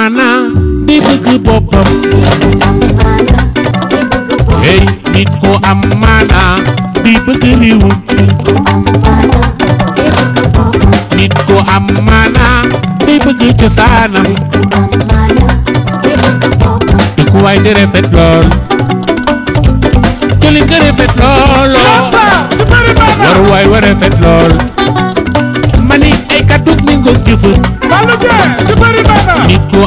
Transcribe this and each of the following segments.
maana day bëgg boppam wa rafet lool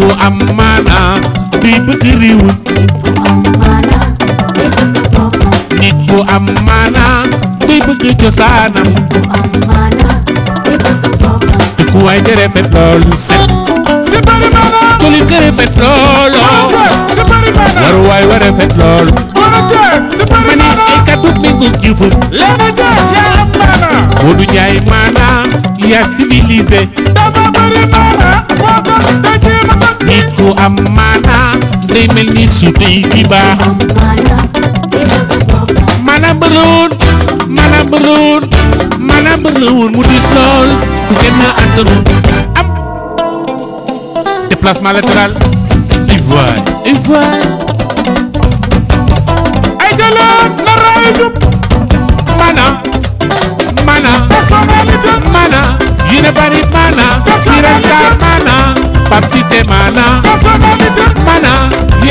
ku am maanaa kuy bëgg réew nit ku am maanaa kuy bëgg cosaanam ku waay te rafet lool set si bari maanaa ku lim ka rafet lool waru waay wa rafet lool ma ne ay kaddu mi ngu jëfum Modou Ndiaye maanaa yaa civilisé dama bari maanaa pays qui bat. Madame Brown, Madame Brown, Madame am déplacement latéral la mana mana mana yine bari mana mana si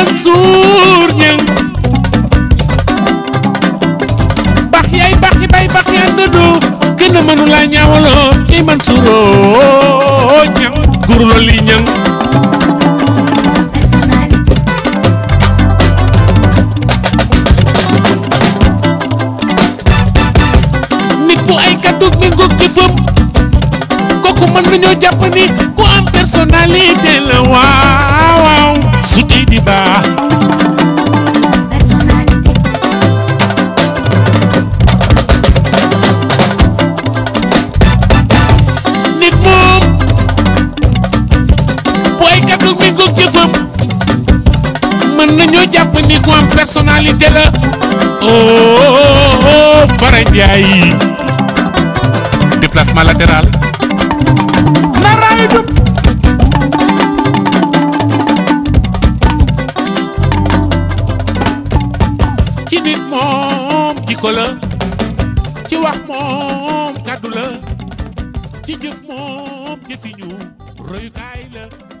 Mansour Niang bax yaay bax yi bay bax yaa dëddoo gën a mënu laa ñaawaloon guru loli Niang ay kàddug minggu ngóog jëfam kooku mën nañoo ku am personnalité la jàpp ni ku am personnalité la oh Fara Ndiaye déplacement na raay jub ci nit moom jikko ci wax moom kàddu ci jëf moom jëfiñu royukaay la